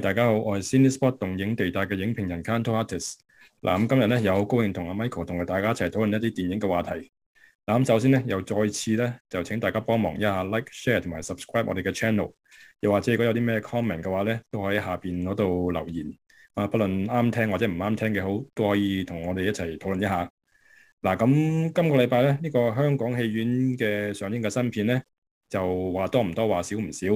大家好，我係 Cinespot 動映地帶嘅影評人 Kantorates。嗱，咁今日咧又好高興同阿 Michael 同埋大家一齊討論一啲電影嘅話題。嗱，咁首先咧又再次咧就請大家幫忙一下 Like、Share 同埋 Subscribe 我哋嘅 channel。又或者如果有啲咩 comment 嘅話咧，都可以喺下邊嗰度留言。啊，不論啱聽或者唔啱聽嘅好，都可以同我哋一齊討論一下。嗱，咁今個禮拜咧呢個香港戲院嘅上映嘅新片咧，就話多唔多話少唔少。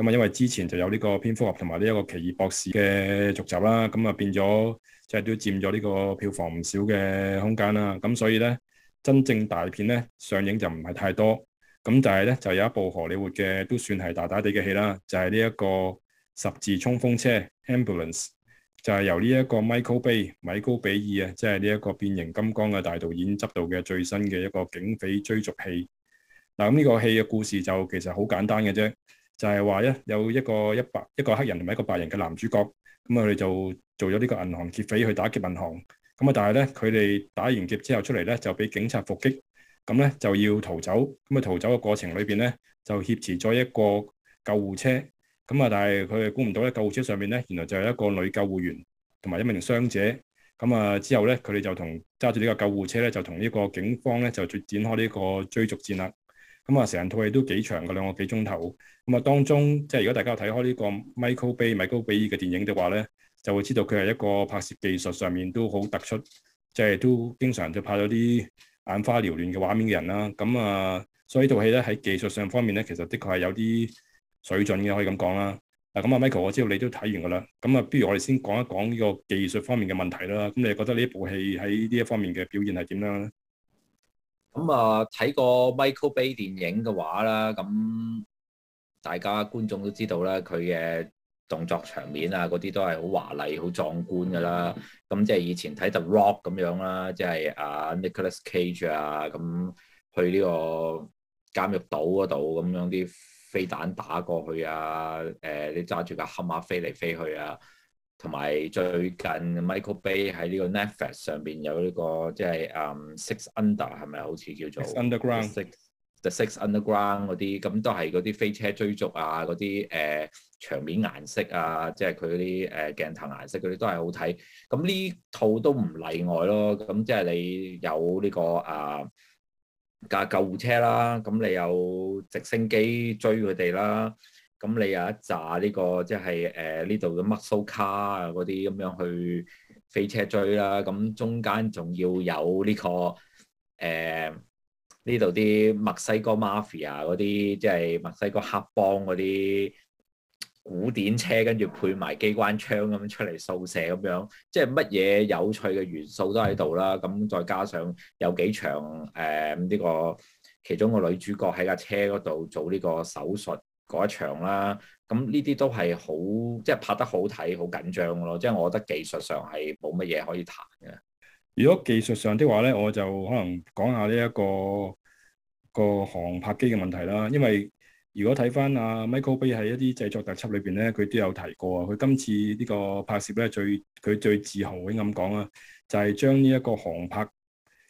咁啊，因為之前就有呢個蝙蝠俠同埋呢一個奇異博士嘅續集啦，咁啊變咗即係都佔咗呢個票房唔少嘅空間啦。咁所以咧，真正大片咧上映就唔係太多。咁但係咧，就有一部荷里活嘅都算係大大地嘅戲啦，就係呢一個十字衝鋒車 （Ambulance） 就係由呢一個 Michael Bay 米高比爾啊，即係呢一個變形金剛嘅大導演執導嘅最新嘅一個警匪追逐戲。嗱，咁呢個戲嘅故事就其實好簡單嘅啫。就係話咧，有一個一百一個黑人同埋一個白人嘅男主角，咁啊，佢哋就做咗呢個銀行劫匪去打劫銀行，咁啊，但係咧，佢哋打完劫之後出嚟咧，就俾警察伏擊，咁咧就要逃走，咁啊，逃走嘅過程裏邊咧，就挾持咗一個救護車，咁啊，但係佢哋估唔到咧，救護車上面咧，原來就係一個女救護員同埋一名傷者，咁啊，之後咧，佢哋就同揸住呢個救護車咧，就同呢個警方咧，就展開呢個追逐戰啦。咁啊，成套戲都幾長嘅，兩個幾鐘頭，咁啊，當中即係如果大家睇開呢個 Michael Bay、Michael Bay 嘅電影嘅話咧，就會知道佢係一個拍攝技術上面都好突出，即係都經常就拍咗啲眼花撩亂嘅畫面嘅人啦。咁啊，所以套戲咧喺技術上方面咧，其實的確係有啲水準嘅，可以咁講啦。嗱，咁啊，Michael，我知道你都睇完噶啦，咁啊，不如我哋先講一講呢個技術方面嘅問題啦。咁你覺得呢部戲喺呢一方面嘅表現係點樣啦？咁啊，睇過 Michael Bay 電影嘅話啦，咁大家觀眾都知道啦，佢嘅動作場面啊，嗰啲都係好華麗、好壯觀噶啦。咁即係以前睇 The Rock 咁樣啦，即係阿 Nicholas Cage 啊，咁去呢個監獄島嗰度，咁樣啲飛彈打過去啊，誒，你揸住架黑馬飛嚟飛去啊。同埋最近 Michael Bay 喺呢個 Netflix 上邊有呢個即係誒 Six Under 係咪好似叫做 Six Underground The Six The Six Underground 嗰啲，咁都係嗰啲飛車追逐啊，嗰啲誒場面顏色啊，即係佢嗰啲誒鏡頭顏色嗰啲都係好睇。咁呢套都唔例外咯。咁即係你有呢個啊架救護車啦，咁你有直升機追佢哋啦。咁你有一紮呢個即係誒呢度嘅 muscle car 啊嗰啲咁樣去飛車追啦、啊，咁中間仲要有呢個誒呢度啲墨西哥 mafia 嗰啲，即係墨西哥黑幫嗰啲古典車，跟住配埋機關槍咁出嚟掃射咁樣，即係乜嘢有趣嘅元素都喺度啦。咁再加上有幾場誒呢個其中個女主角喺架車嗰度做呢個手術。嗰一場啦，咁呢啲都係好即係拍得好睇，好緊張咯。即係我覺得技術上係冇乜嘢可以彈嘅。如果技術上的話咧，我就可能講下呢、這、一個個航拍機嘅問題啦。因為如果睇翻阿 Michael Bay 喺一啲製作特輯裏邊咧，佢都有提過啊。佢今次呢個拍攝咧，最佢最自豪啲咁講啊，就係將呢一個航拍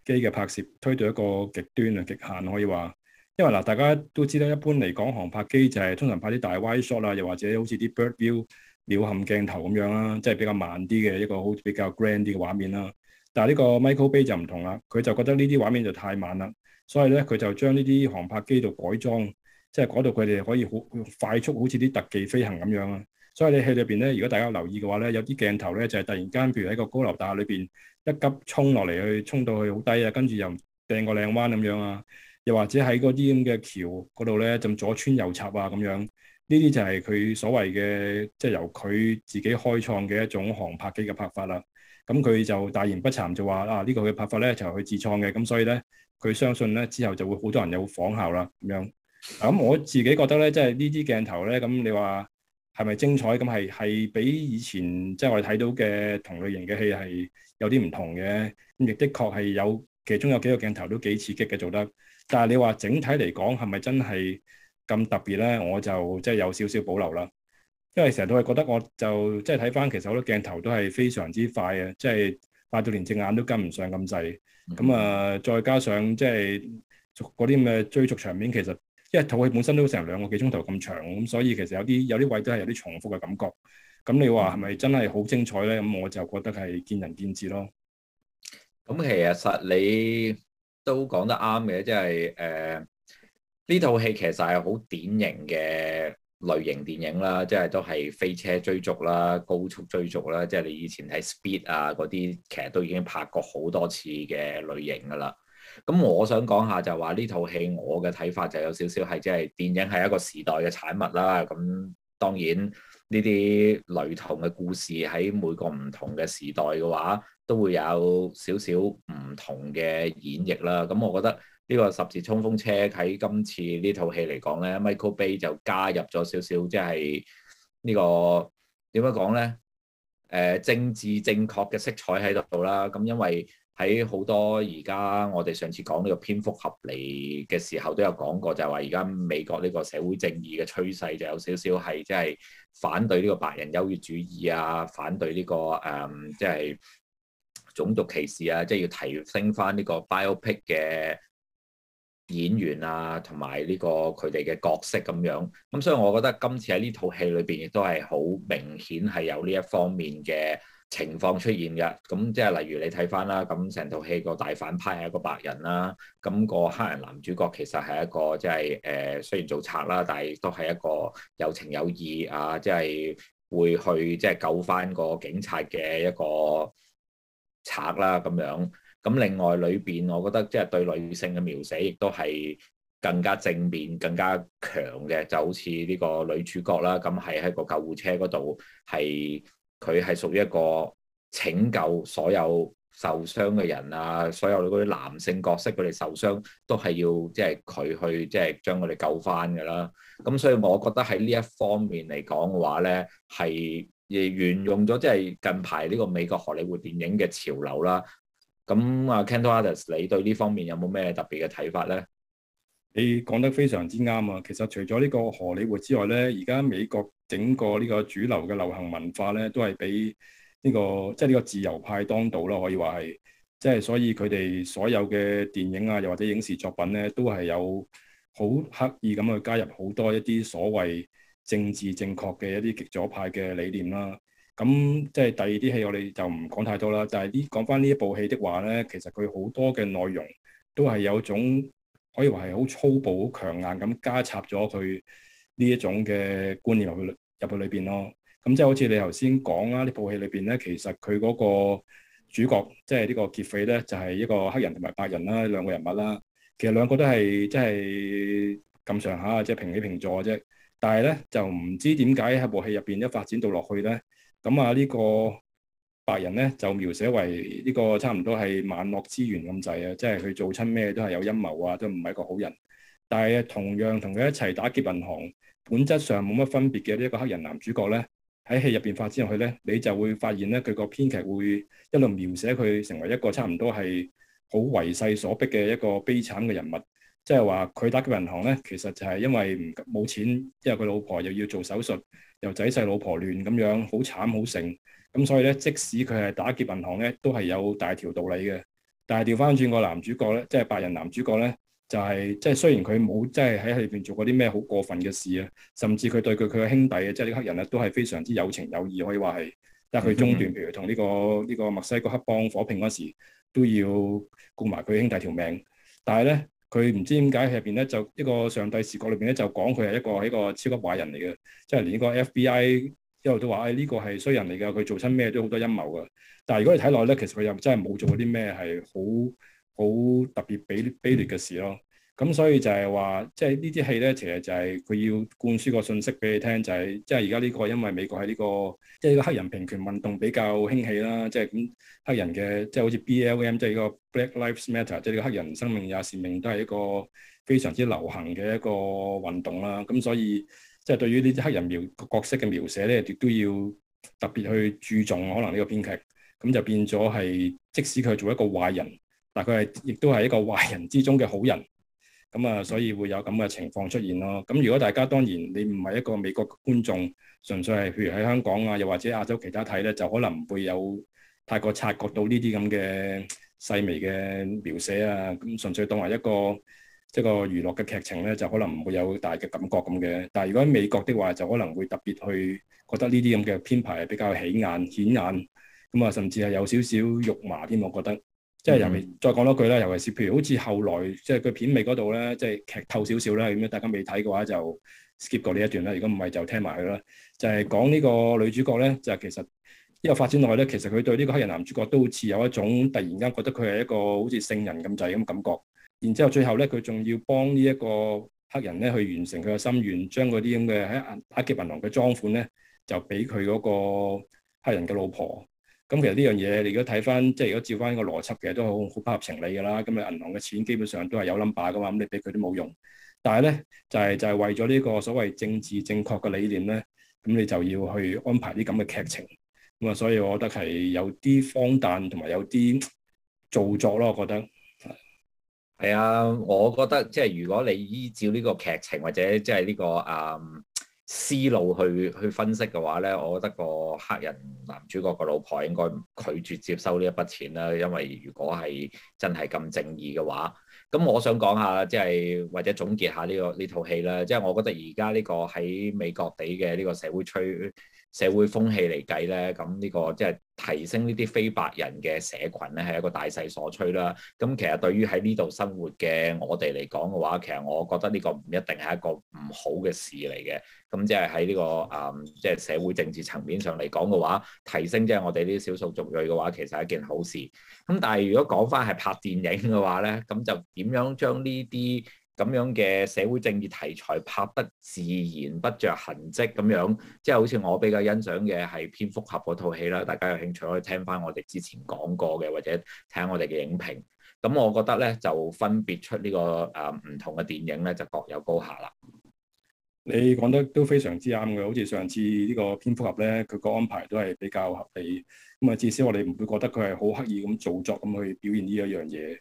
機嘅拍攝推到一個極端啊極限，可以話。因為嗱，大家都知咧，一般嚟講，航拍機就係通常拍啲大 wide shot 啦，又或者好似啲 bird view 鳥瞰鏡頭咁樣啦，即係比較慢啲嘅一個好比較 grand 啲、e、嘅畫面啦。但係呢個 Michael Bay 就唔同啦，佢就覺得呢啲畫面就太慢啦，所以咧佢就將呢啲航拍機度改裝，即係改到佢哋可以好快速，好似啲特技飛行咁樣啊。所以你戲裏邊咧，如果大家留意嘅話咧，有啲鏡頭咧就係、是、突然間，譬如喺個高樓大廈裏邊一急衝落嚟，衝去衝到去好低啊，跟住又掟個靚彎咁樣啊。又或者喺嗰啲咁嘅橋嗰度咧，就左穿右插啊咁樣，呢啲就係佢所謂嘅，即係由佢自己開創嘅一種航拍機嘅拍法啦。咁佢就大言不慚就話啊，呢個佢嘅拍法咧就係佢自創嘅，咁所以咧佢相信咧之後就會好多人有仿效啦咁樣。咁我自己覺得咧，即係呢啲鏡頭咧，咁你話係咪精彩？咁係係比以前即係我哋睇到嘅同類型嘅戲係有啲唔同嘅，咁亦的確係有其中有幾個鏡頭都幾刺激嘅，做得。但係你話整體嚟講係咪真係咁特別咧？我就即係有少少保留啦，因為成日都係覺得我就即係睇翻，其實好多鏡頭都係非常之快嘅，即係快到連隻眼都跟唔上咁滯。咁啊，呃，再加上即係嗰啲咁嘅追逐場面，其實因為套戲本身都成兩個幾鐘頭咁長，咁所以其實有啲有啲位都係有啲重複嘅感覺。咁你話係咪真係好精彩咧？咁我就覺得係見仁見智咯。咁其實你？都講得啱嘅，即係誒呢套戲其實係好典型嘅類型電影啦，即係都係飛車追逐啦、高速追逐啦，即係你以前睇 Speed 啊嗰啲，其實都已經拍過好多次嘅類型噶啦。咁我想講下就話呢套戲，我嘅睇法就有少少係即係電影係一個時代嘅產物啦。咁。當然呢啲雷同嘅故事喺每個唔同嘅時代嘅話，都會有少少唔同嘅演繹啦。咁、嗯、我覺得呢個十字衝鋒車喺今次呢套戲嚟講咧，Michael Bay 就加入咗少少即係呢個點樣講咧？誒、呃、政治正確嘅色彩喺度啦。咁、嗯、因為喺好多而家我哋上次講呢、這個蝙蝠俠嚟嘅時候都有講過，就係話而家美國呢個社會正義嘅趨勢就有少少係即係反對呢個白人優越主義啊，反對呢、這個誒即係種族歧視啊，即、就、係、是、要提升翻呢個 biopic 嘅演員啊，同埋呢個佢哋嘅角色咁樣。咁所以我覺得今次喺呢套戲裏邊亦都係好明顯係有呢一方面嘅。情況出現嘅，咁即係例如你睇翻啦，咁成套戲個大反派係一個白人啦，咁個黑人男主角其實係一個即係誒，雖然做賊啦，但係亦都係一個有情有義啊，即係會去即係救翻個警察嘅一個賊啦咁樣。咁另外裏邊，我覺得即係對女性嘅描寫亦都係更加正面、更加強嘅，就好似呢個女主角啦，咁係喺個救護車嗰度係。佢係屬於一個拯救所有受傷嘅人啊，所有嗰啲男性角色佢哋受傷都係要即係佢去即係將佢哋救翻嘅啦。咁所以我覺得喺呢一方面嚟講嘅話咧，係亦沿用咗即係近排呢個美國荷里活電影嘅潮流啦。咁啊，Kantorates，你對呢方面有冇咩特別嘅睇法咧？你講得非常之啱啊！其實除咗呢個荷里活之外咧，而家美國整個呢個主流嘅流行文化咧，都係俾呢個即係呢個自由派當道啦，可以話係即係。即係、所以佢哋所有嘅電影啊，又或者影視作品咧，都係有好刻意咁去加入好多一啲所謂政治正確嘅一啲極左派嘅理念啦。咁即係第二啲戲，我哋就唔講太多啦。就係呢，講翻呢一部戲的話咧，其實佢好多嘅內容都係有種。可以話係好粗暴、好強硬咁加插咗佢呢一種嘅觀念入去裏入去裏邊咯。咁即係好似你頭先講啦，呢部戲裏邊咧，其實佢嗰個主角即係呢個劫匪咧，就係、是就是、一個黑人同埋白人啦，兩個人物啦。其實兩個都係即係咁上下即係平起平坐啫。但係咧就唔知點解喺部戲入邊一發展到落去咧，咁啊呢個。白人咧就描寫為呢個差唔多係萬惡之源咁滯啊！即係佢做親咩都係有陰謀啊，都唔係一個好人。但係同樣同佢一齊打劫銀行，本質上冇乜分別嘅呢一個黑人男主角咧，喺戲入邊發展落去咧，你就會發現咧佢個編劇會一路描寫佢成為一個差唔多係好為勢所逼嘅一個悲慘嘅人物。即係話佢打劫銀行咧，其實就係因為冇錢，因為佢老婆又要做手術，又仔細老婆亂咁樣，好慘好成。咁所以咧，即使佢係打劫銀行咧，都係有大條道理嘅。但係調翻轉個男主角咧，即係白人男主角咧，就係即係雖然佢冇即係喺裏邊做過啲咩好過分嘅事啊，甚至佢對佢佢嘅兄弟啊，即係呢黑人啊，都係非常之有情有義，可以話係。但係佢中段譬如同呢個呢個墨西哥黑幫火拼嗰時，都要顧埋佢兄弟條命。但係咧，佢唔知點解喺入邊咧，就一個上帝視角裏邊咧，就講佢係一個一個超級壞人嚟嘅，即係連呢個 FBI。一路都話，誒呢個係衰人嚟㗎，佢做親咩都好多陰謀㗎。但係如果你睇落咧，其實佢又真係冇做過啲咩係好好特別卑卑劣嘅事咯。咁所以就係話，即係呢啲戲咧，其實就係佢要灌輸個信息俾你聽，就係即係而家呢個因為美國喺呢個即係個黑人平權運動比較興起啦，即係咁黑人嘅即係好似 BLM，即係呢個 Black Lives Matter，即係呢個黑人生命也是命都係一個非常之流行嘅一個運動啦。咁所以。即係對於呢啲黑人描角色嘅描寫咧，亦都要特別去注重可能呢個編劇，咁就變咗係即使佢做一個壞人，但佢係亦都係一個壞人之中嘅好人，咁啊，所以會有咁嘅情況出現咯。咁如果大家當然你唔係一個美國觀眾，純粹係譬如喺香港啊，又或者亞洲其他睇咧，就可能唔會有太過察覺到呢啲咁嘅細微嘅描寫啊，咁純粹當為一個，即係個娛樂嘅劇情咧，就可能唔會有大嘅感覺咁嘅。但係如果喺美國的話，就可能會特別去覺得呢啲咁嘅編排係比較起眼、顯眼，咁、嗯、啊，甚至係有少少肉麻添。我覺得即係又未再講多句啦。尤其是譬如好似後來即係佢片尾嗰度咧，即係劇透少少啦。咁樣大家未睇嘅話就 skip 過呢一段啦。如果唔係就聽埋佢啦。就係講呢個女主角咧，就其實因為發展落去咧，其實佢對呢個黑人男主角都好似有一種突然間覺得佢係一個好似聖人咁滯咁感覺。然之後最後咧，佢仲要幫呢一個黑人咧去完成佢個心願，將嗰啲咁嘅打劫銀行嘅贓款咧，就俾佢嗰個黑人嘅老婆。咁、嗯、其實呢樣嘢，你如果睇翻，即係如果照翻呢個邏輯嘅，都好好不合情理㗎啦。咁、嗯、啊，銀行嘅錢基本上都係有 number 㗎嘛，咁、嗯、你俾佢都冇用。但係咧，就係、是、就係、是、為咗呢個所謂政治正確嘅理念咧，咁、嗯、你就要去安排啲咁嘅劇情。咁、嗯、啊，所以我覺得係有啲荒誕同埋有啲造作咯，我覺得。係啊，我覺得即係如果你依照呢個劇情或者即係呢個啊思路去去分析嘅話咧，我覺得個黑人男主角個老婆應該拒絕接收呢一筆錢啦，因為如果係真係咁正義嘅話，咁我想講下即係或者總結下呢個呢套戲啦，即係我覺得而家呢個喺美國地嘅呢個社會趨。社會風氣嚟計咧，咁呢個即係提升呢啲非白人嘅社群咧，係一個大勢所趨啦。咁其實對於喺呢度生活嘅我哋嚟講嘅話，其實我覺得呢個唔一定係一個唔好嘅事嚟嘅。咁即係喺呢個啊，即係社會政治層面上嚟講嘅話，提升即係我哋呢啲少數族裔嘅話，其實係一件好事。咁但係如果講返係拍電影嘅話咧，咁就點樣將呢啲咁樣嘅社會正義題材拍得自然不着痕跡咁樣，即係好似我比較欣賞嘅係《蝙蝠俠》嗰套戲啦。大家有興趣可以聽翻我哋之前講過嘅，或者睇下我哋嘅影評。咁我覺得咧，就分別出呢個誒唔同嘅電影咧，就各有高下啦。你講得都非常之啱嘅，好似上次呢個《蝙蝠俠》咧，佢個安排都係比較合理。咁啊，至少我哋唔會覺得佢係好刻意咁做作咁去表現呢一樣嘢。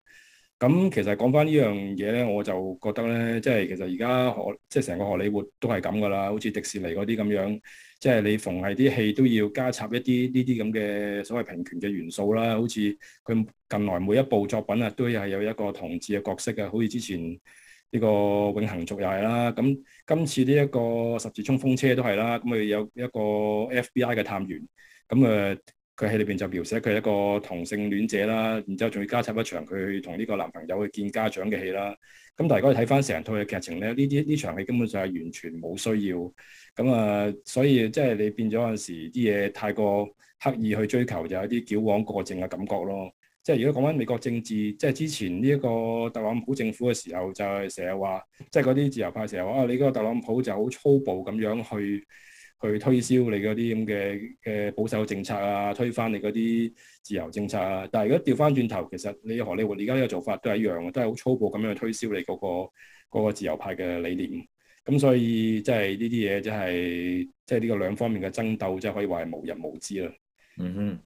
咁其實講翻呢樣嘢咧，我就覺得咧，即係其實而家荷即係成個荷里活都係咁噶啦，好似迪士尼嗰啲咁樣，即係你逢係啲戲都要加插一啲呢啲咁嘅所謂平權嘅元素啦。好似佢近來每一部作品啊，都係有一個同志嘅角色嘅，好似之前呢個《永恆族》又係啦。咁今次呢一個《十字衝鋒車》都係啦，咁啊有一個 FBI 嘅探員，咁啊、呃。佢戲裏邊就描寫佢係一個同性戀者啦，然之後仲要加插一場佢去同呢個男朋友去見家長嘅戲啦。咁但係如果睇翻成套嘅劇情咧，呢啲呢場戲根本上係完全冇需要。咁啊，所以即係你變咗有陣時啲嘢太過刻意去追求，就有一啲矯枉過正嘅感覺咯。即係如果講翻美國政治，即係之前呢一個特朗普政府嘅時候就常常，就係成日話，即係嗰啲自由派成日話，你嗰個特朗普就好粗暴咁樣去。去推銷你嗰啲咁嘅嘅保守政策啊，推翻你嗰啲自由政策啊。但係如果調翻轉頭，其實你荷里活而家呢個做法都係一樣，都係好粗暴咁樣去推銷你嗰、嗰個嗰個自由派嘅理念。咁所以即係呢啲嘢，即係即係呢個兩方面嘅爭鬥，即、就、係、是、可以話係無日無之啦。嗯哼。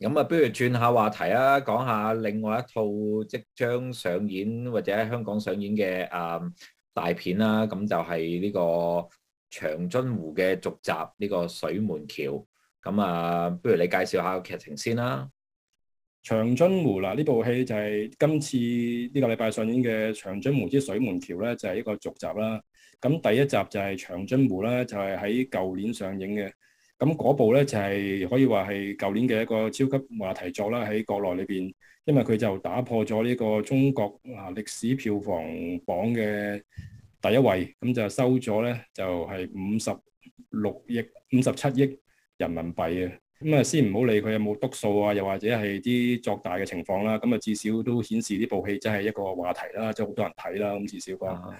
咁啊，不如轉下話題啊，講下另外一套即將上演或者喺香港上演嘅啊、嗯、大片啦。咁就係呢、這個，長津湖嘅續集呢個水門橋，咁啊，不如你介紹下個劇情先啦。長津湖。嗱，呢部戲就係今次呢個禮拜上映嘅《長津湖之水門橋》咧，就係一個續集啦。咁第一集就係長津湖咧，就係喺舊年上映嘅。咁嗰部咧就係可以話係舊年嘅一個超級話題作啦，喺國內裏邊，因為佢就打破咗呢個中國啊歷史票房榜嘅。第一位咁就收咗咧，就係五十六億、五十七億人民幣啊！咁啊，先唔好理佢有冇篤數啊，又或者係啲作大嘅情況啦。咁啊，至少都顯示呢部戲真係一，就係、一個話題啦，即係好多人睇啦。咁至少個、啊、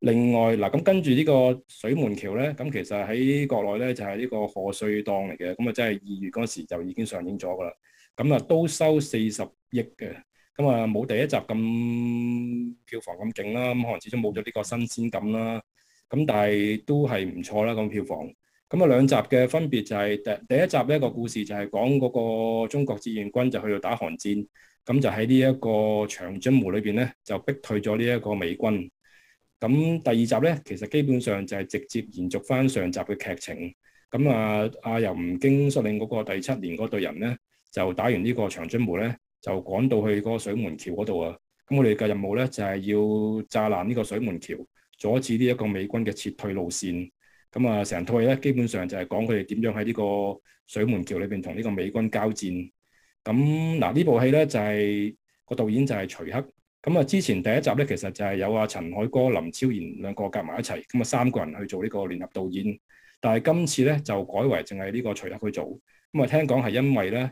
另外嗱，咁跟住呢個水門橋咧，咁其實喺國內咧就係呢個賀歲檔嚟嘅。咁啊，真係二月嗰時就已經上映咗噶啦。咁啊，都收四十億嘅。咁啊，冇第一集咁票房咁勁啦，咁可能始終冇咗呢個新鮮感啦。咁但係都係唔錯啦，咁票房。咁啊、就是，兩集嘅分別就係第第一集呢、這個故事就係講嗰個中國志願軍就去到打韓戰，咁就喺呢一個長津湖裏邊咧，就逼退咗呢一個美軍。咁第二集咧，其實基本上就係直接延續翻上集嘅劇情。咁啊，阿由吳京率領嗰個第七連嗰隊人咧，就打完呢個長津湖咧。就趕到去嗰個水門橋嗰度啊！咁我哋嘅任務咧就係、是、要炸爛呢個水門橋，阻止呢一個美軍嘅撤退路線。咁啊，成套戲咧基本上就係講佢哋點樣喺呢個水門橋裏邊同呢個美軍交戰。咁嗱，呢部戲咧就係、是、個導演就係徐克。咁啊，之前第一集咧其實就係有阿陳凱歌、林超賢兩個夾埋一齊，咁啊三個人去做呢個聯合導演。但係今次咧就改為淨係呢個徐克去做。咁啊，聽講係因為咧。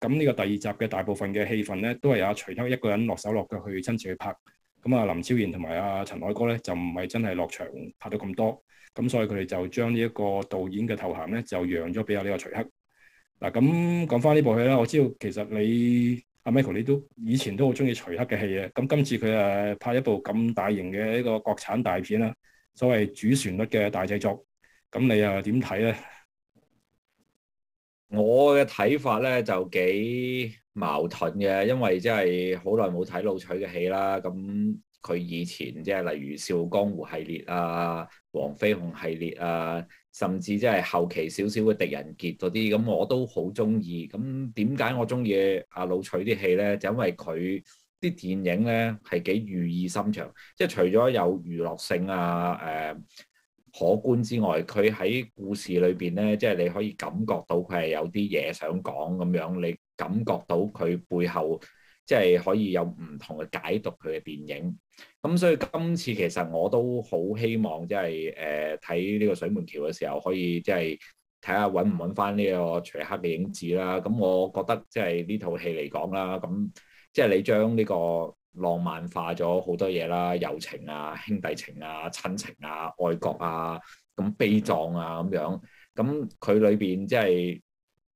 咁呢個第二集嘅大部分嘅戲份咧，都係阿徐克一個人落手落腳去親自去拍。咁啊，林超賢同埋阿陳凱歌咧，就唔係真係落場拍到咁多。咁所以佢哋就將呢一個導演嘅頭銜咧，就讓咗俾阿呢個徐克。嗱，咁講翻呢部戲啦，我知道其實你阿 Michael 你都以前都好中意徐克嘅戲嘅。咁今次佢誒拍一部咁大型嘅一個國產大片啦，所謂主旋律嘅大製作。咁你又點睇咧？我嘅睇法咧就幾矛盾嘅，因為即係好耐冇睇老徐嘅戲啦。咁佢以前即係例如《笑江湖》系列啊，《黃飛鴻》系列啊，甚至即係後期少少嘅《狄仁傑》嗰啲，咁我都好中意。咁點解我中意阿老徐啲戲咧？就因為佢啲電影咧係幾寓意深長，即係除咗有娛樂性啊，誒、呃。可觀之外，佢喺故事裏邊咧，即係你可以感覺到佢係有啲嘢想講咁樣，你感覺到佢背後即係可以有唔同嘅解讀佢嘅電影。咁所以今次其實我都好希望即係誒睇呢個《水門橋》嘅時候，可以即係睇下揾唔揾翻呢個徐克嘅影子啦。咁我覺得即係呢套戲嚟講啦，咁即係你將呢個浪漫化咗好多嘢啦，友情啊、兄弟情啊、親情啊、愛國啊，咁悲壯啊咁樣。咁佢裏邊即係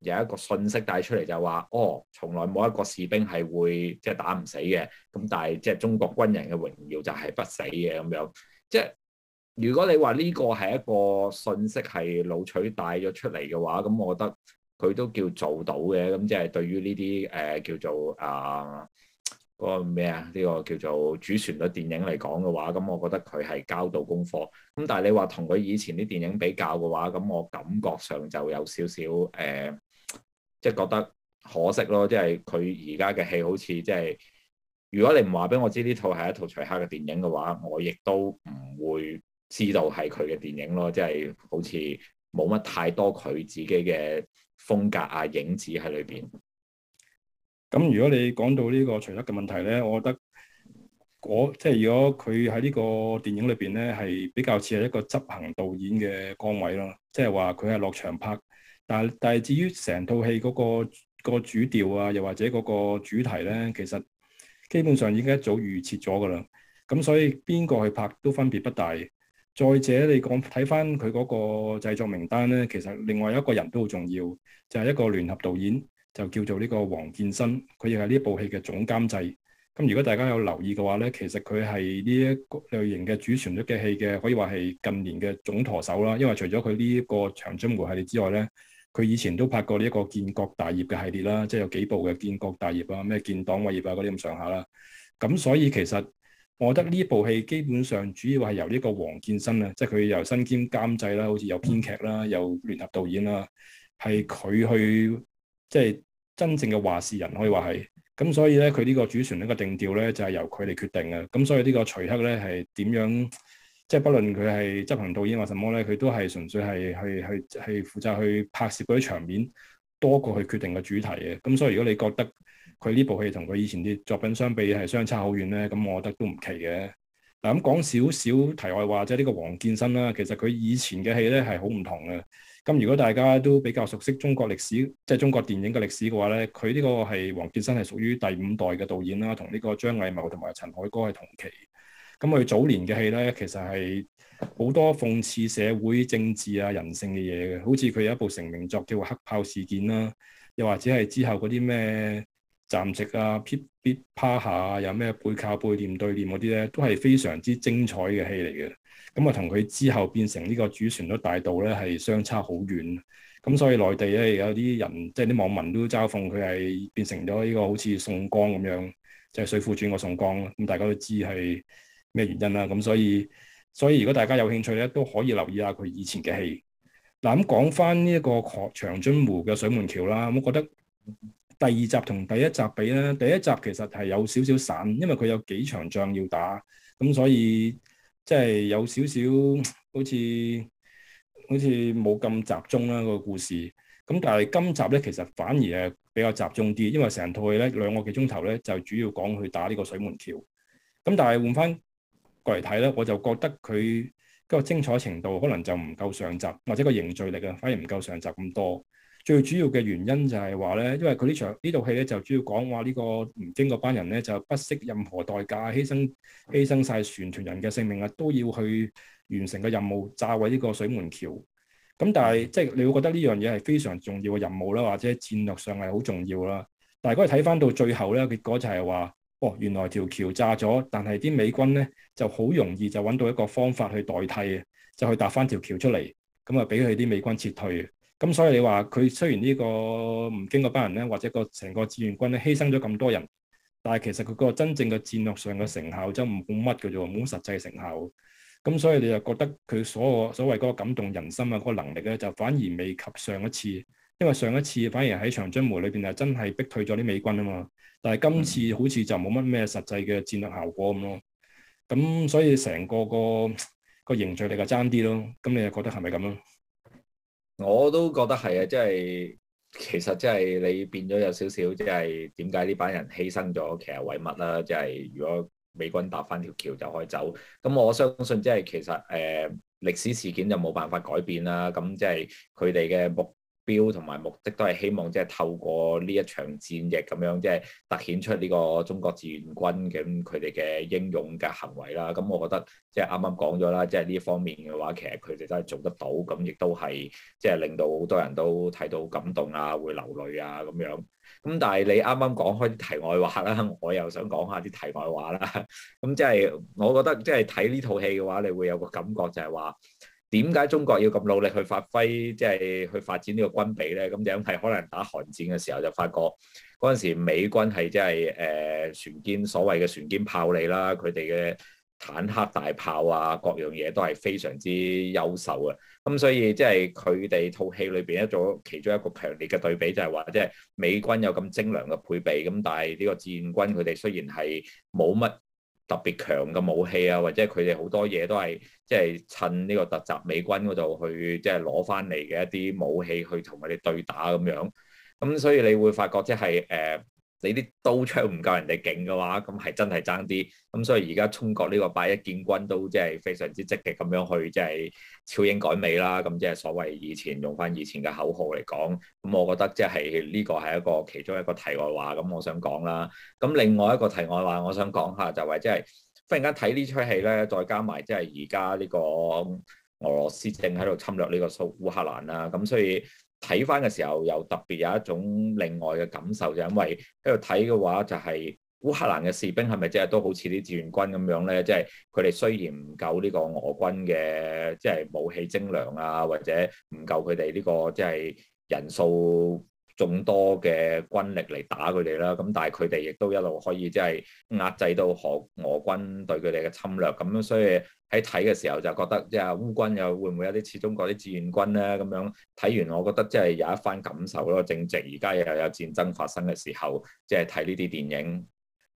有一個信息帶出嚟，就話哦，從來冇一個士兵係會即係、就是、打唔死嘅。咁但係即係中國軍人嘅榮耀就係不死嘅咁樣。即、就、係、是、如果你話呢個係一個信息係老徐帶咗出嚟嘅話，咁我覺得佢都叫做到嘅。咁即係對於呢啲誒叫做啊。呃嗰個咩啊？呢、這個叫做主旋律電影嚟講嘅話，咁我覺得佢係交到功課。咁但係你話同佢以前啲電影比較嘅話，咁我感覺上就有少少誒，即係覺得可惜咯。即係佢而家嘅戲好似即係，如果你唔話俾我知呢套係一套徐克嘅電影嘅話，我亦都唔會知道係佢嘅電影咯。即係好似冇乜太多佢自己嘅風格啊影子喺裏邊。咁如果你講到呢個徐克嘅問題咧，我覺得我即係如果佢喺呢個電影裏邊咧，係比較似係一個執行導演嘅崗位咯，即係話佢係落場拍，但係但係至於成套戲嗰個個主調啊，又或者嗰個主題咧，其實基本上已經一早預設咗噶啦。咁所以邊個去拍都分別不大。再者，你講睇翻佢嗰個製作名單咧，其實另外一個人都好重要，就係、是、一個聯合導演。就叫做呢個黃建新，佢亦係呢部戲嘅總監製。咁如果大家有留意嘅話咧，其實佢係呢一個類型嘅主旋律嘅戲嘅，可以話係近年嘅總舵手啦。因為除咗佢呢一個長津湖系列之外咧，佢以前都拍過呢一個建國大業嘅系列啦，即係有幾部嘅建國大業啊，咩建黨偉業啊嗰啲咁上下啦。咁所以其實我覺得呢部戲基本上主要係由呢個黃建新啊，即係佢由身兼監製啦，好似有編劇啦，有聯合導演啦，係佢去。即係真正嘅話事人，可以話係咁，所以咧佢呢個主旋律嘅定調咧就係由佢嚟決定嘅。咁所以呢個徐克咧係點樣？即係不論佢係執行導演或什麼咧，佢都係純粹係係係係負責去拍攝嗰啲場面多過去決定嘅主題嘅。咁所以如果你覺得佢呢部戲同佢以前啲作品相比係相差好遠咧，咁我覺得都唔奇嘅。嗱咁講少少題外話，就係呢個黃建新啦。其實佢以前嘅戲咧係好唔同嘅。咁如果大家都比較熟悉中國歷史，即係中國電影嘅歷史嘅話咧，佢呢個係黃建新係屬於第五代嘅導演啦，同呢個張藝謀同埋陳凱歌係同期。咁佢早年嘅戲咧，其實係好多諷刺社會政治啊、人性嘅嘢嘅，好似佢有一部成名作叫《黑炮事件》啦，又或者係之後嗰啲咩《暫時啊》、《撇撇趴下》又有咩背靠背、臉對臉」嗰啲咧，都係非常之精彩嘅戲嚟嘅。咁啊，同佢之後變成呢個主旋律大導咧，係相差好遠。咁所以內地咧，有啲人即係啲網民都嘲諷佢係變成咗呢個好似宋江咁樣，即係《水滸傳》個宋江啦。咁大家都知係咩原因啦。咁所以，所以如果大家有興趣咧，都可以留意下佢以前嘅戲。嗱，咁講返呢一個長津湖嘅水門橋啦，我覺得第二集同第一集比咧，第一集其實係有少少散，因為佢有幾場仗要打，咁所以。即係有少少好似好似冇咁集中啦，個故事，咁但係今集咧其實反而係比較集中啲，因為成套戲咧兩個幾鐘頭咧就主要講去打呢個水門橋。咁但係換翻過嚟睇咧，我就覺得佢個精彩程度可能就唔夠上集，或者個凝聚力啊反而唔夠上集咁多。最主要嘅原因就係話咧，因為佢呢場呢套戲咧就主要講話呢個吳京嗰班人咧就不惜任何代價，犧牲犧牲曬船團人嘅性命啊，都要去完成個任務，炸毀呢個水門橋。咁但係即係你會覺得呢樣嘢係非常重要嘅任務啦，或者戰略上係好重要啦。但係嗰日睇翻到最後咧，結果就係話，哦，原來條橋炸咗，但係啲美軍咧就好容易就揾到一個方法去代替，就去搭翻條橋出嚟，咁啊俾佢啲美軍撤退。咁所以你話佢雖然呢個唔經嗰班人咧，或者個成個志願軍咧犧牲咗咁多人，但係其實佢個真正嘅戰略上嘅成效真唔好乜嘅啫，冇實際成效。咁所以你就覺得佢所有所謂嗰個感動人心啊嗰個能力咧，就反而未及上一次，因為上一次反而喺長津湖裏邊係真係逼退咗啲美軍啊嘛。但係今次好似就冇乜咩實際嘅戰略效果咁咯。咁所以成個個、嗰個凝聚力就爭啲咯。咁你就覺得係咪咁啊？我都覺得係啊，即係其實即係你變咗有少少，即係點解呢班人犧牲咗，其實為乜啦？即係如果美軍搭翻條橋就可以走，咁我相信即係其實誒歷史事件就冇辦法改變啦。咁即係佢哋嘅目標同埋目的都係希望即係透過呢一場戰役咁樣，即係凸顯出呢個中國志願軍咁佢哋嘅英勇嘅行為啦。咁我覺得即係啱啱講咗啦，即係呢方面嘅話，其實佢哋都係做得到，咁亦都係即係令到好多人都睇到感動啊，會流淚啊咁樣。咁但係你啱啱講開啲題外話啦，我又想講下啲題外話啦。咁即係我覺得即係睇呢套戲嘅話，你會有個感覺就係話。點解中國要咁努力去發揮，即係去發展呢個軍備咧？咁就係可能打韓戰嘅時候就發覺，嗰陣時美軍係即係誒船堅所謂嘅船堅炮利啦，佢哋嘅坦克大炮啊，各樣嘢都係非常之優秀嘅。咁所以即係佢哋套戲裏邊一種其中一個強烈嘅對比就，就係話即係美軍有咁精良嘅配備，咁但係呢個志願軍佢哋雖然係冇乜。特別強嘅武器啊，或者佢哋好多嘢都係即係趁呢個特襲美軍嗰度去，即係攞翻嚟嘅一啲武器去同佢哋對打咁樣，咁所以你會發覺即係誒，就是呃你啲刀槍唔夠人哋勁嘅話，咁係真係爭啲。咁所以而家中國呢個八一建軍都即係非常之積極咁樣去，即係超英趕美啦。咁即係所謂以前用翻以前嘅口號嚟講，咁我覺得即係呢個係一個其中一個題外話。咁我想講啦。咁另外一個題外話，我想講下就係即係忽然間睇呢出戲咧，再加埋即係而家呢個俄羅斯正喺度侵略呢個蘇烏克蘭啦。咁所以。睇翻嘅時候又特別有一種另外嘅感受，就因為喺度睇嘅話就係烏克蘭嘅士兵係咪即係都好似啲志願軍咁樣咧？即係佢哋雖然唔夠呢個俄軍嘅即係武器精良啊，或者唔夠佢哋呢個即係人數。眾多嘅軍力嚟打佢哋啦，咁但係佢哋亦都一路可以即係壓制到俄俄軍對佢哋嘅侵略，咁所以喺睇嘅時候就覺得即係烏軍又會唔會有啲似中國啲志願軍咧咁樣？睇完我覺得即係有一番感受咯。正值而家又有戰爭發生嘅時候，即係睇呢啲電影。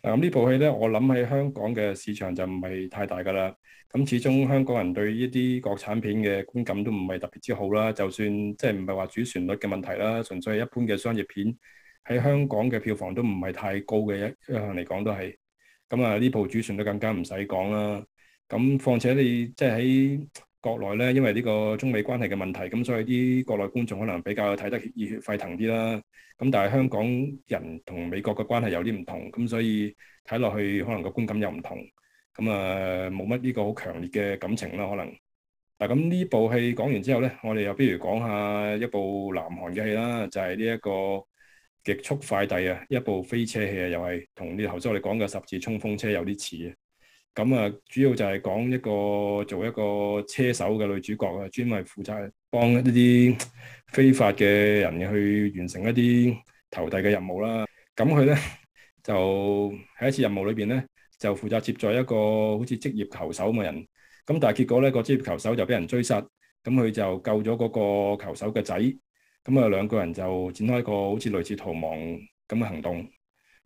嗱，呢部戲呢，我諗喺香港嘅市場就唔係太大噶啦。咁始終香港人對呢啲國產片嘅觀感都唔係特別之好啦。就算即係唔係話主旋律嘅問題啦，純粹係一般嘅商業片喺香港嘅票房都唔係太高嘅，一一向嚟講都係。咁啊呢部主旋律更加唔使講啦。咁況且你即係喺。國內咧，因為呢個中美關係嘅問題，咁所以啲國內觀眾可能比較睇得熱血，血沸騰啲啦。咁但係香港人同美國嘅關係有啲唔同，咁所以睇落去可能個觀感又唔同。咁啊，冇乜呢個好強烈嘅感情啦，可能。嗱，咁呢部戲講完之後咧，我哋又不如講下一部南韓嘅戲啦，就係呢一個極速快遞啊，一部飛車戲啊，又係同啲頭先我哋講嘅十字衝鋒車有啲似。咁啊，主要就係講一個做一個車手嘅女主角啊，專門負責幫一啲非法嘅人去完成一啲投遞嘅任務啦。咁佢咧就喺一次任務裏邊咧，就負責接載一個好似職業球手咁嘅人。咁但係結果咧，個職業球手就俾人追殺，咁佢就救咗嗰個球手嘅仔。咁啊，兩個人就展開一個好似類似逃亡咁嘅行動。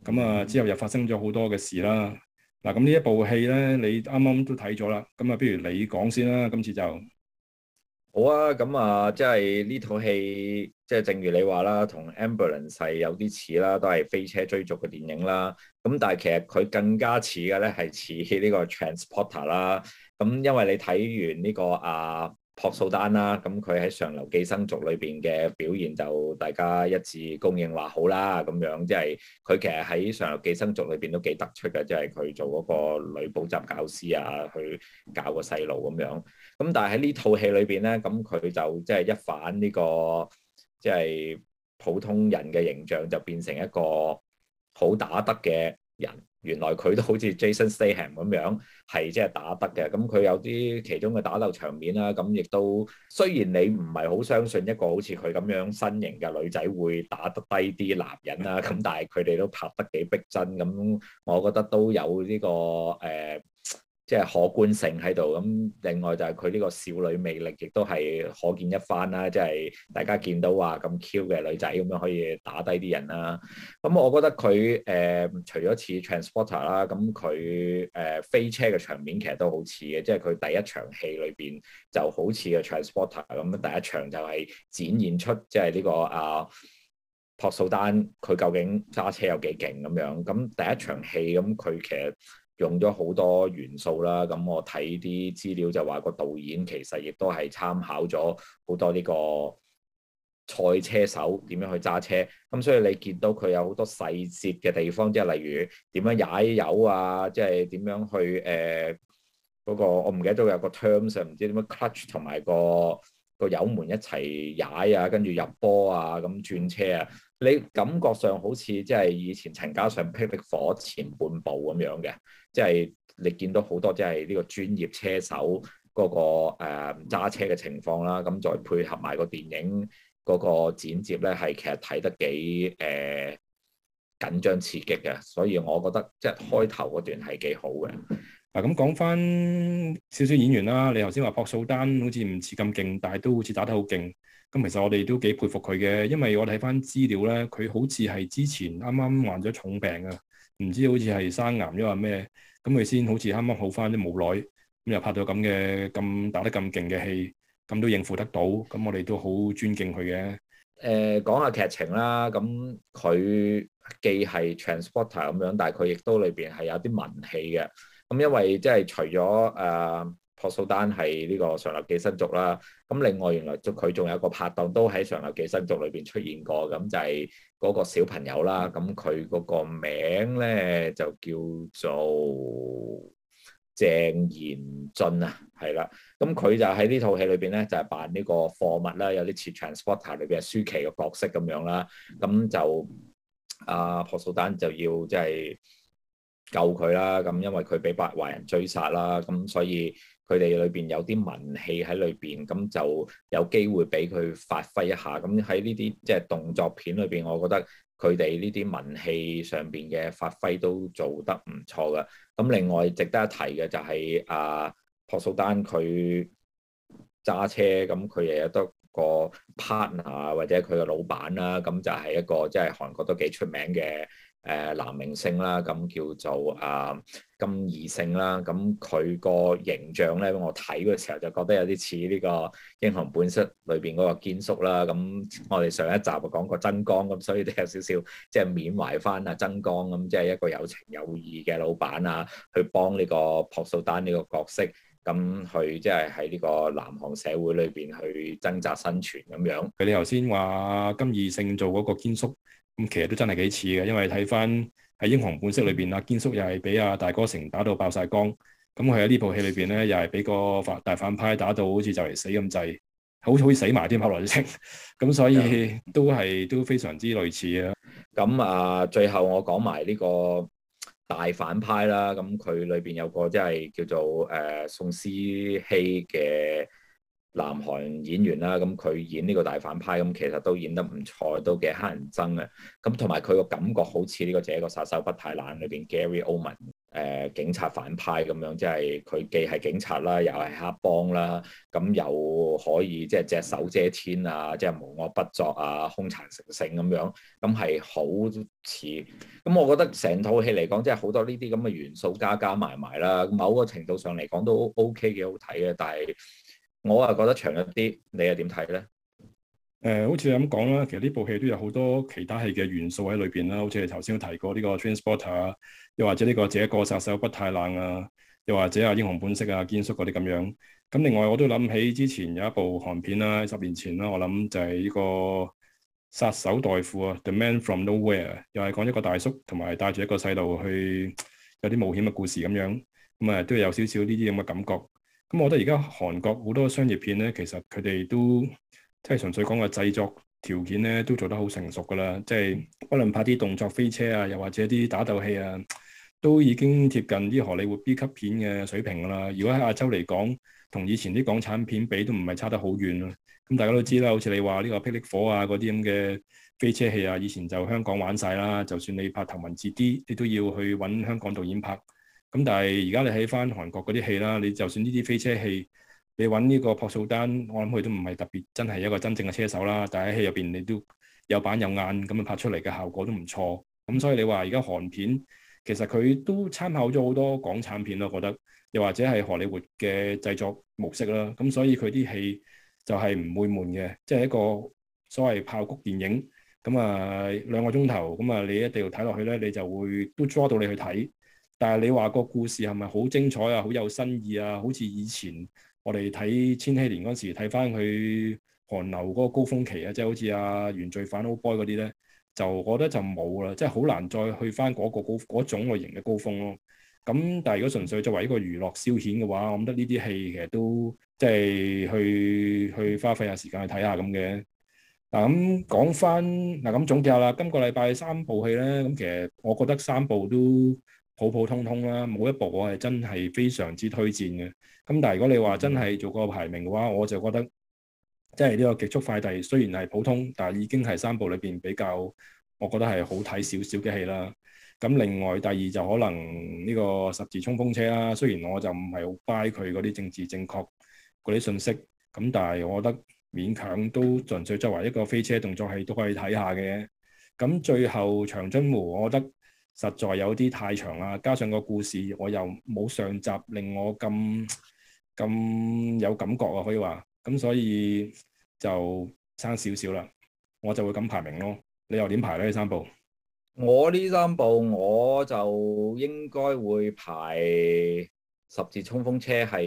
咁啊，之後又發生咗好多嘅事啦。嗱，咁呢一部戲咧，你啱啱都睇咗啦，咁啊，不如你講先啦。今次就好啊，咁啊，即係呢套戲，即係正如你話啦，同 Ambulance 係有啲似啦，都係飛車追逐嘅電影啦。咁但係其實佢更加似嘅咧，係似呢個 Transporter 啦。咁因為你睇完呢個啊。朴素丹啦，咁佢喺上流寄生族裏邊嘅表現就大家一致公認話好啦，咁樣即係佢其實喺上流寄生族裏邊都幾突出嘅，即係佢做嗰個女補習教師啊，去教個細路咁樣。咁但係喺呢套戲裏邊咧，咁佢就即係一反呢、這個即係、就是、普通人嘅形象，就變成一個好打得嘅人。原來佢都好似 Jason Statham 咁樣，係即係打得嘅。咁佢有啲其中嘅打鬥場面啦，咁亦都，雖然你唔係好相信一個好似佢咁樣身形嘅女仔會打得低啲男人啦，咁但係佢哋都拍得幾逼真。咁我覺得都有呢、這個誒。呃即係可觀性喺度，咁另外就係佢呢個少女魅力亦都係可見一番啦。即、就、係、是、大家見到話咁 Q 嘅女仔咁樣可以打低啲人啦。咁我覺得佢誒、呃、除咗似 Transporter 啦，咁佢誒飛車嘅場面其實都好似嘅，即係佢第一場戲裏邊就好似嘅 Transporter 咁。第一場就係展現出即係呢個阿、啊、朴素丹佢究竟揸車有幾勁咁樣。咁第一場戲咁佢其實，用咗好多元素啦，咁我睇啲資料就話個導演其實亦都係參考咗好多呢個賽車手點樣去揸車，咁所以你見到佢有好多細節嘅地方，即係例如點樣踩油啊，即係點樣去誒嗰、呃嗰個我唔記得咗有個 terms 唔知點樣 clutch 同埋、個個油門一齊踩啊，跟住入波啊，咁轉車啊。你感覺上好似即係以前陳嘉上霹靂火前半部咁樣嘅，即係你見到好多即係呢個專業車手嗰個誒揸車嘅情況啦，咁再配合埋個電影嗰個剪接咧，係其實睇得幾誒緊張刺激嘅，所以我覺得即係開頭嗰段係幾好嘅。嗱，咁講翻少少演員啦，你頭先話朴素丹好似唔似咁勁，但係都好似打得好勁。咁其實我哋都幾佩服佢嘅，因為我睇翻資料咧，佢好似係之前啱啱患咗重病啊，唔知好似係生癌抑或咩，咁佢先好似啱啱好翻啲冇耐，咁又拍到咁嘅咁打得咁勁嘅戲，咁都應付得到，咁我哋都好尊敬佢嘅。誒、呃，講下劇情啦，咁佢既係 transporter 咁樣，但係佢亦都裏邊係有啲文戲嘅。咁因為即係除咗誒。呃朴素丹係呢個《上流寄生族》啦，咁另外原來佢仲有一個拍檔都喺《上流寄生族》裏邊出現過，咁就係嗰個小朋友啦。咁佢嗰個名咧就叫做鄭賢俊啊，係啦。咁佢就喺呢套戲裏邊咧就係、是、扮呢個貨物啦，有啲似 transporter 裏邊舒淇嘅角色咁樣啦。咁就阿朴素丹就要即係救佢啦，咁因為佢俾白華人追殺啦，咁所以。佢哋裏邊有啲文氣喺裏邊，咁就有機會俾佢發揮一下。咁喺呢啲即係動作片裏邊，我覺得佢哋呢啲文氣上邊嘅發揮都做得唔錯嘅。咁另外值得一提嘅就係阿朴素丹佢揸車，咁佢又有得個 partner 或者佢嘅老闆啦，咁就係一個即係、就是、韓國都幾出名嘅。誒、呃、男明星啦，咁叫做啊金義聖啦，咁、呃、佢個形象咧，我睇嘅時候就覺得有啲似呢個英雄本色裏邊嗰個堅叔啦。咁我哋上一集就講過曾江，咁所以都有少少即係緬懷翻啊曾江咁，即係一個有情有義嘅老闆啊，去幫呢個朴素丹呢個角色，咁去即係喺呢個南韓社會裏邊去掙扎生存咁樣。佢哋頭先話金義聖做嗰個堅叔。咁其實都真係幾似嘅，因為睇翻喺英雄本色裏邊，阿堅叔又係俾阿大哥成打到爆晒光。咁佢喺呢部戲裏邊咧，又係俾個反大反派打到好似就嚟死咁滯，好似可以死埋添，拍落嚟咁所以都係都非常之類似啊。咁啊、呃，最後我講埋呢個大反派啦。咁佢裏邊有個即係叫做誒、呃、宋思希嘅。南韓演員啦，咁佢演呢個大反派，咁其實都演得唔錯，都幾乞人憎嘅。咁同埋佢個感覺好似呢、這個就係一個殺手不太冷裏邊 Gary Oldman 誒、呃、警察反派咁樣，即係佢既係警察啦，又係黑幫啦，咁又可以即係隻手遮天啊，即、就、係、是、無惡不作啊，兇殘成性咁樣，咁係好似。咁我覺得成套戲嚟講，即係好多呢啲咁嘅元素加加埋埋啦，某個程度上嚟講都 OK 幾好睇嘅，但係。我啊覺得長一啲，你又點睇咧？誒、呃，好似你咁講啦，其實呢部戲都有好多其他戲嘅元素喺裏邊啦。好似你頭先都提過呢個 Transporter，又或者呢個這個殺手不太冷啊，又或者啊英雄本色啊、堅叔嗰啲咁樣。咁另外我都諗起之前有一部韓片啦，十年前啦，我諗就係呢個殺手代父啊，The Man from Nowhere，又係講一個大叔同埋帶住一個細路去有啲冒險嘅故事咁樣。咁、嗯、啊，都有少少呢啲咁嘅感覺。咁、嗯、我覺得而家韓國好多商業片咧，其實佢哋都即係純粹講個製作條件咧，都做得好成熟噶啦。即係，不論拍啲動作飛車啊，又或者啲打鬥戲啊，都已經貼近啲荷里活 B 級片嘅水平噶啦。如果喺亞洲嚟講，同以前啲港產片比都唔係差得好遠咯。咁、嗯、大家都知啦，好似你話呢、呢個霹靂火啊，嗰啲咁嘅飛車戲啊，以前就香港玩晒啦。就算你拍頭文字 D，你都要去揾香港導演拍。咁但係而家你睇返韓國嗰啲戲啦，你就算呢啲飛車戲，你揾呢個朴素丹，我諗佢都唔係特別真係一個真正嘅車手啦。但係喺戲入邊你都有板有眼，咁啊拍出嚟嘅效果都唔錯。咁所以你話而家韓片其實佢都參考咗好多港產片咯，我覺得又或者係荷里活嘅製作模式啦。咁所以佢啲戲就係唔會悶嘅，即係一個所謂爆谷電影。咁啊兩個鐘頭，咁啊你一定要睇落去咧，你就會都抓到你去睇。但係你話個故事係咪好精彩啊？好有新意啊？好似以前我哋睇《千禧年》嗰時睇翻佢韓流嗰個高峰期啊，即係好似阿、啊、原罪犯 Old Boy 嗰啲咧，就我覺得就冇啦，即係好難再去翻嗰個高嗰種類型嘅高峰咯。咁但係如果純粹作為一個娛樂消遣嘅話，我覺得呢啲戲其實都即係去去花費下時間去睇下咁嘅。嗱咁講翻嗱咁總結下啦，今個禮拜三部戲咧，咁其實我覺得三部都，普普通通啦，冇一部我係真係非常之推薦嘅。咁但係如果你話真係做個排名嘅話，我就覺得即係呢個極速快遞雖然係普通，但係已經係三部裏邊比較，我覺得係好睇少少嘅戲啦。咁另外第二就可能呢個十字衝鋒車啦，雖然我就唔係好 buy 佢嗰啲政治正確嗰啲信息，咁但係我覺得勉強都純粹作為一個飛車動作戲都可以睇下嘅。咁最後長津湖，我覺得，實在有啲太長啦，加上個故事我又冇上集，令我咁咁有感覺啊，可以話，咁所以就差少少啦，我就會咁排名咯。你又點排呢？三部？我呢三部我就應該會排十字衝鋒車係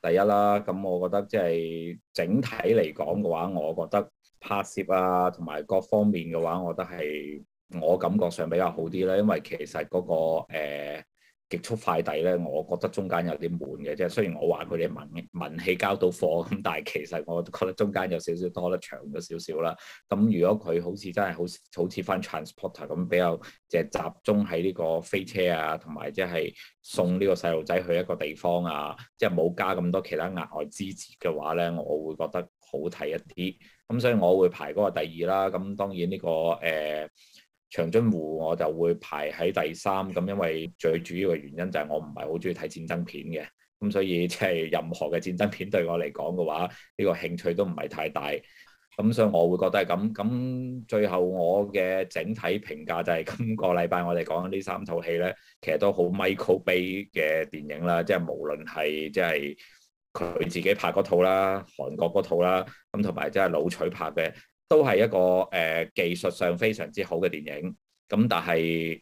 第一啦。咁我覺得即係整體嚟講嘅話，我覺得拍攝啊同埋各方面嘅話，我覺得係。我感覺上比較好啲啦，因為其實嗰、那個誒、欸、極速快遞咧，我覺得中間有啲悶嘅，即係雖然我話佢哋文民氣交到貨咁，但係其實我都覺得中間有少少拖得長咗少少啦。咁如果佢好似真係好好似翻 transporter 咁，比較就是、集中喺呢個飛車啊，同埋即係送呢個細路仔去一個地方啊，即係冇加咁多其他額外支持嘅話咧，我會覺得好睇一啲。咁所以我會排嗰個第二啦。咁當然呢、這個誒。欸長津湖我就會排喺第三，咁因為最主要嘅原因就係我唔係好中意睇戰爭片嘅，咁所以即係任何嘅戰爭片對我嚟講嘅話，呢個興趣都唔係太大，咁所以我會覺得係咁。咁最後我嘅整體評價就係今個禮拜我哋講緊呢三套戲咧，其實都好 Michael Bay 嘅電影啦，即係無論係即係佢自己拍嗰套啦、韓國嗰套啦，咁同埋即係老徐拍嘅。都係一個誒、呃、技術上非常之好嘅電影，咁但係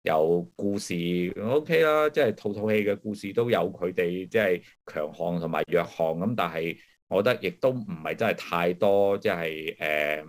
有故事 OK 啦，即係套套戲嘅故事都有佢哋即係強項同埋弱項咁，但係我覺得亦都唔係真係太多即係誒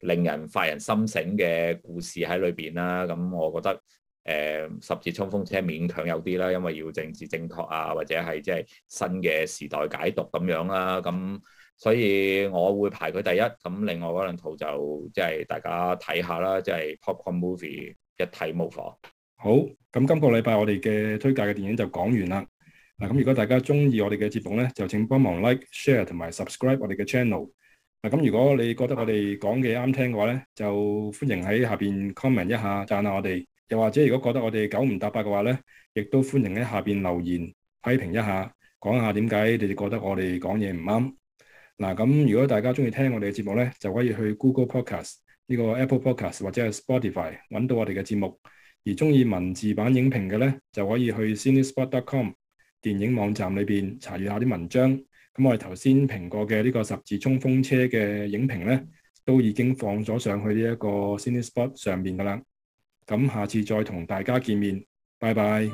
令人發人心醒嘅故事喺裏邊啦。咁我覺得誒、呃、十字衝鋒車勉強有啲啦，因為要政治正確啊，或者係即係新嘅時代解讀咁樣啦咁，所以我會排佢第一，咁另外嗰兩套就即係、就是、大家睇下啦，即、就、係、是、Popcorn Movie 一睇冇火。好，咁今個禮拜我哋嘅推介嘅電影就講完啦。嗱，咁如果大家中意我哋嘅節目咧，就請幫忙 Like share、Share 同埋 Subscribe 我哋嘅 channel。嗱，咁如果你覺得我哋講嘅啱聽嘅話咧，就歡迎喺下邊 comment 一下，讚下我哋。又或者如果覺得我哋九唔搭八嘅話咧，亦都歡迎喺下邊留言批評一下，講下點解你哋覺得我哋講嘢唔啱。嗱，咁如果大家中意聽我哋嘅節目咧，就可以去 Google Podcast 呢個 Apple Podcast 或者係 Spotify 揾到我哋嘅節目。而中意文字版影評嘅咧，就可以去 Cinespot.com 電影網站裏邊查閱下啲文章。咁我哋頭先評過嘅呢個十字衝鋒車嘅影評咧，都已經放咗上去呢一個 Cinespot 上面噶啦。咁下次再同大家見面，拜拜。